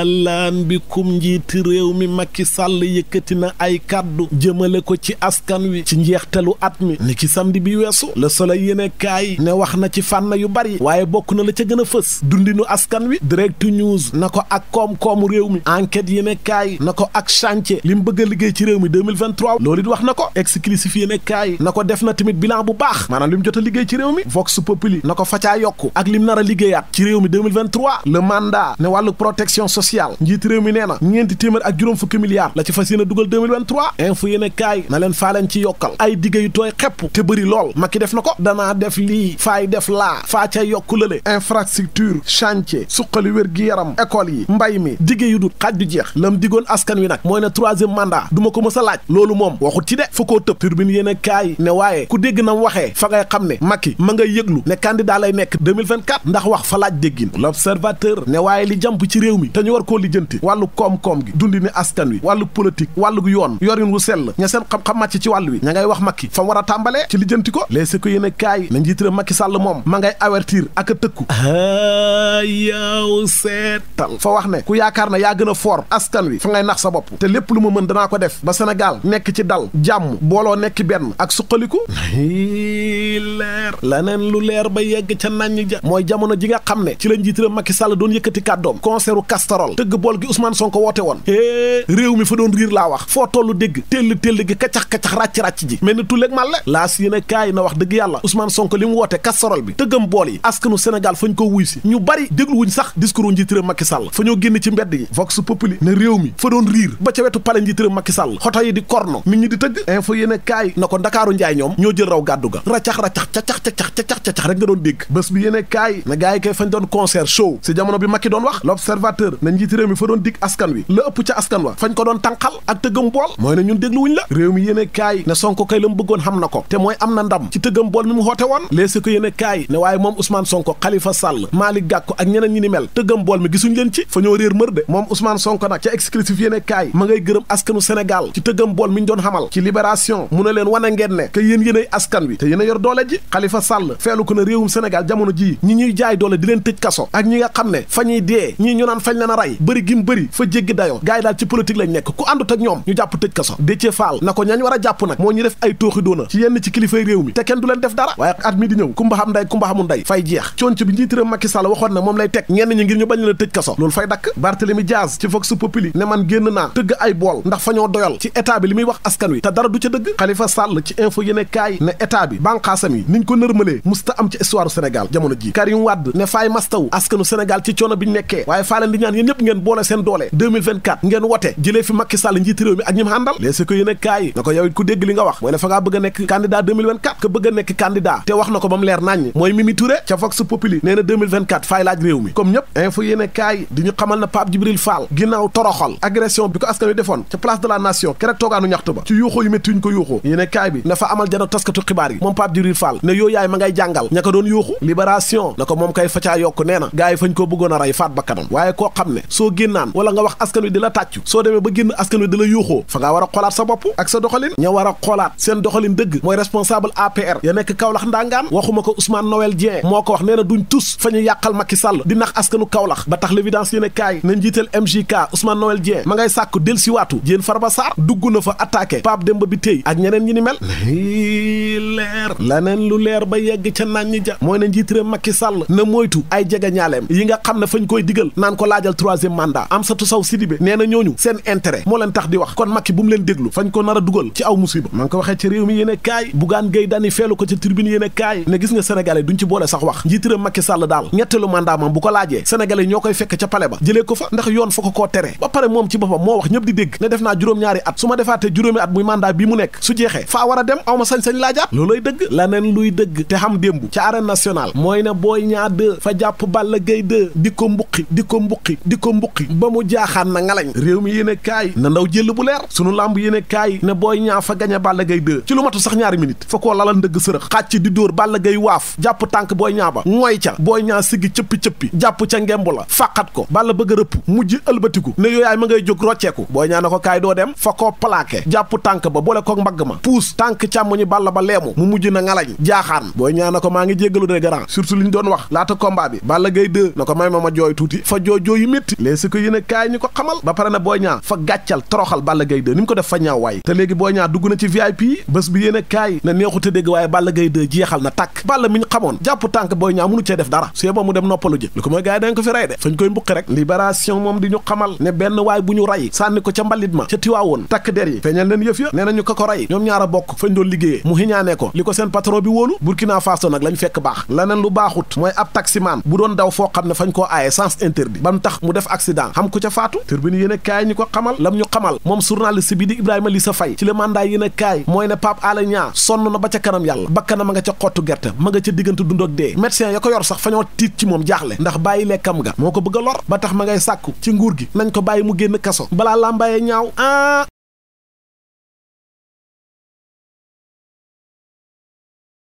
ahlan bikum njiiti réew mi Macky Sall yëkkati na ay kàddu jëmale ko ci askan wi ci njeextalu at mi ni ki samedi bi weesu la Soleil yéene kaay ne wax na ci fànn yu bari waaye bokk na la ca gën a fës dundinu askan wi Direct News na ko ak koom-koomu réew mi enquête yéene kaay na ko ak chantier li mu bëgg a liggéey ci réew mi 2023 loolu it wax na ko exclusif yéene kaay na ko def na tamit bilan bu baax maanaam li mu jot a liggéey ci réew mi Vox Populi na ko facaa yokku ak a liggéeyaat ci réew mi sociale njiit réew mi nee na ñeenti téeméer ak juróom fukki milliards la ci fas yéene dugal 2023 info na leen faa ci yokkal ay digg xepp te bëri lool Macky def na ko danaa def lii faay def laa faa ca yokk lële infrastructure chantier suqali wér gi yaram école yi mbay mi digg yu dut xaj du jeex lam digoon askan wi nag mooy ne troisième mandat du ma ko mës a laaj loolu moom waxut ci de fa koo tëb turbine yéene kaay ne waaye ku dégg na waxee fa ngay xam ne Macky ma ngay yëglu ne candidat lay nekk 2024 ndax wax fa laaj déggin ne waaye li ci réew mi war koo lijjanti wàllu koom-koom gi dundi ni askan wi wàllu politique wàllu yoon yorin wu sell ña seen xam-xam màcc ci wàll wi ña ngay wax Macky fa mu war a tàmbalee ci lijjanti ko léeg si ko yéen e kaay na njiit réew Macky moom ma ngay avertir ak a tëkku yow seetal fa wax ne ku yaakaar na yaa gën a fort askan wi fa ngay nax sa bopp te lépp lu ma mën danaa ko def ba Sénégal nekk ci dal jàmm booloo nekk benn ak suqaliku leer laneen lu leer ba yegg ca nañ ja mooy ji nga xam ne ci la njiit réew Macky Sall doon yëkkati kàddoom concertu bool tëgg bool gi Ousmane Sonko woote woon é réew mi fa doon riir laa wax foo tollu dégg téll téll gi kacax-kacax ràcc-ràcc ji mel ni tulleeg màlle laas yéene kaay na wax dëgg yàlla Ousmane Sonko li mu woote casserole bi tëggam bool yi askanu Sénégal fañ ko wuy si ñu bari dégluwuñ sax discours njiit réew Macky Sall fa ñoo génn ci mbedd yi vox populi ne réew mi fa doon riir ba ca wetu pale njiit réew Macky Sall di korno nit ñi di tëgg info yéene kaay na ko Ndakaaru ñoo jël raw gàddu ga racax-racax cacax cacax cacax cacax rek nga doon dégg bés bi yéene kaay na gaay kay fañ doon concert show si njiiti réew mi fa doon dig askan wi la ëpp ca askan wa fañ ko doon tànqal ak tëggam bool mooy ne ñun dégluwuñ la réew mi yéene kaay ne Sonko kay la mu bëggoon xam na ko te mooy am na ndam ci tëggam bool mi mu xoote woon léeg si ko yéene kaay ne waaye moom Ousmane Sonko Khalifa Sall Malick Gakou ak ñeneen ñi ni mel tëggam bool mi gisuñ leen ci fa ñoo réer mër de moom Ousmane Sonko nag ca exclusif yéene kaay ma ngay gërëm askanu Sénégal ci tëggam bool ne leen wane ngeen ne que yéen yéenay askan jii ñi ñuy jaay doole di nga xam ne fa ñuy a yi bëri gim bëri fa jéggi dayoo gars daal ci politique lañ nekk ku àndut ñoom ñu jàpp tëj kaso Déthié Fall na ko ñañ war a jàpp nag moo ñu def ay tooxi ci yenn ci kilifay réew mi te kenn du leen def dara waaye at mi di ñëw kumba xam nday kumba xamul nday fay jeex conc bi njiit réew Macky waxoon ne moom lay teg ñenn ñi ngir ñu bañ leen tëj kaso loolu fay dakk Barthélemy Diaz ci Vox Populi ne man génn naa tëgg ay bool ndax fa doyal ci état yëpp ngeen boole seen doole ngeen wote jëlee fi Macky Sall njiiti réew mi ak ñi mu àndal si ko yéen kaay na ko yow ku dégg li nga wax mooy ne fa ngaa bëgg a nekk candidat 2024 bëgg a nekk candidat fay laaj réew mi comme ñëpp info yéen kaay di ñu xamal na Pape Djibril Fall ginnaaw toroxal agression bi ko askan wi defoon ca place de la nation keroog toogaanu ñaxtu ba ci yuuxoo yu métti ko yuuxoo yéen kaay bi na fa amal jano taskatu xibaar yi soo génnaan wala nga wax askan wi di la tàccu soo demee ba génn askan wi di la yuuxoo fa ngaa war a xoolaat sa bopp ak sa doxalin ña war a xoolaat seen doxalin dëgg mooy responsable APR ya nekk Kaolack ndangaan waxuma ko Ousmane Noël Dieng moo ko wax nee na duñ tus fa ñu yàqal Macky Sall di nax askanu Kaolack ba tax l'évidence yéen kaay na njiital MJK Ousmane Noël Dieng ma ngay sàkku del siwaatu Diène ba Sarr dugg na fa attaqué Pape Demba bi tey ak ñeneen ñi ni mel leer laneen lu leer ba yegg ca naan ñi ja mooy na njiitare Macky Sall na moytu ay jege ñaaleem yi nga xam ne fañ koy digal naan ko laajal troisième mandat Amsatou Sow Sidibé nee na ñooñu seen intérêt moo leen tax di wax kon Macky bu mu leen déglu fañ ko nar a dugal ci aw musiba ma waxee ci réew mi yéen kaay Bougane Gueye Dany feelu ko ci tribune yéen kaay ne gis nga sénégalais duñ ci boole sax wax njiitiram Macky Sall daal ñetteelu mandat moom bu ko laajee sénégalais ñoo koy fekk ca palais ba jëlee ko fa ndax yoon fa ko koo tere ba pare moom ci boppam moo wax ñëpp di dégg ne def naa juróom-ñaari a dem aw ko mbuqi ba mu jaaxaan na ngalañ réew mi yéene kaay na ndaw jël bu leer sunu làmb yéene kaay ne booy ñaa fa gañ a Balla Gaye 2 ci lu matu sax ñaari minute fa koo lalal ndëgg sërëx xàcc di dóor Balla Gaye waaf jàpp tànk booy ñaa ba mooy ca booy ñaa siggi cëppi-cëppi jàpp ca ngembu la fàqat ko Balla bëgg a rëpp mujj ëlbatiku ne yooyaay ma ngay jóg rocceeku booy ñaa na ko kaay doo dem fa koo plaqué jàpp tànk ba boole ko mbagg ma puus tànk càmmoñu Balla ba leemu mu mujj na ngalañ jaaxaan booy ñaa na ko maa ngi jéggalu de grand surtout li doon wax laata combat bi Balla Gaye 2 tuuti fa joo jooyu métti métti les ko yéen a kaay ñu ko xamal ba pare na Boy Niang fa gàccal toroxal Balla Gaye ni mu ko def fa ñaaw waaye te léegi Boy Niang dugg na ci VIP yi bés bi yéen a kaay na neexute dégg waaye Balla Gaye jeexal na tàkk Balla mi ñu xamoon jàpp tànk Boy Niang mënu cee def dara su yeboo mu dem noppalu ji lu ko mooy gars yi ko fi rey de fañ koy mbuqi rek libération moom di ñu xamal ne benn waay bu ñu ray sànni ko ca mbalit ma ca tiwaawoon takk der yi def accident xam ku ca faatu turbine yéen a kaay ñu ko xamal lam ñu xamal moom journaliste bi di Ibrahima Lissa Faye ci le mandat a kaay mooy ne Pape Alé Niang sonn na ba ca kanam yàlla bakkanam ma nga ca xottu gerte ma nga ca diggante dund ak dee médecin ya ko yor sax fa ñoo tiit ci moom jaaxle ndax bàyyi lekkam nga moo ko bëgg a lor ba tax ma ngay sàkku ci nguur gi nañ ko bàyyi mu génn kaso balaa làmbaayee ñaaw ah